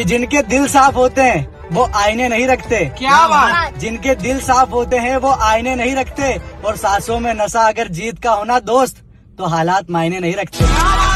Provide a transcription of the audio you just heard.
कि जिनके दिल साफ होते हैं वो आईने नहीं रखते क्या हाँ। बात जिनके दिल साफ होते हैं वो आईने नहीं रखते और सासों में नशा अगर जीत का होना दोस्त तो हालात मायने नहीं रखते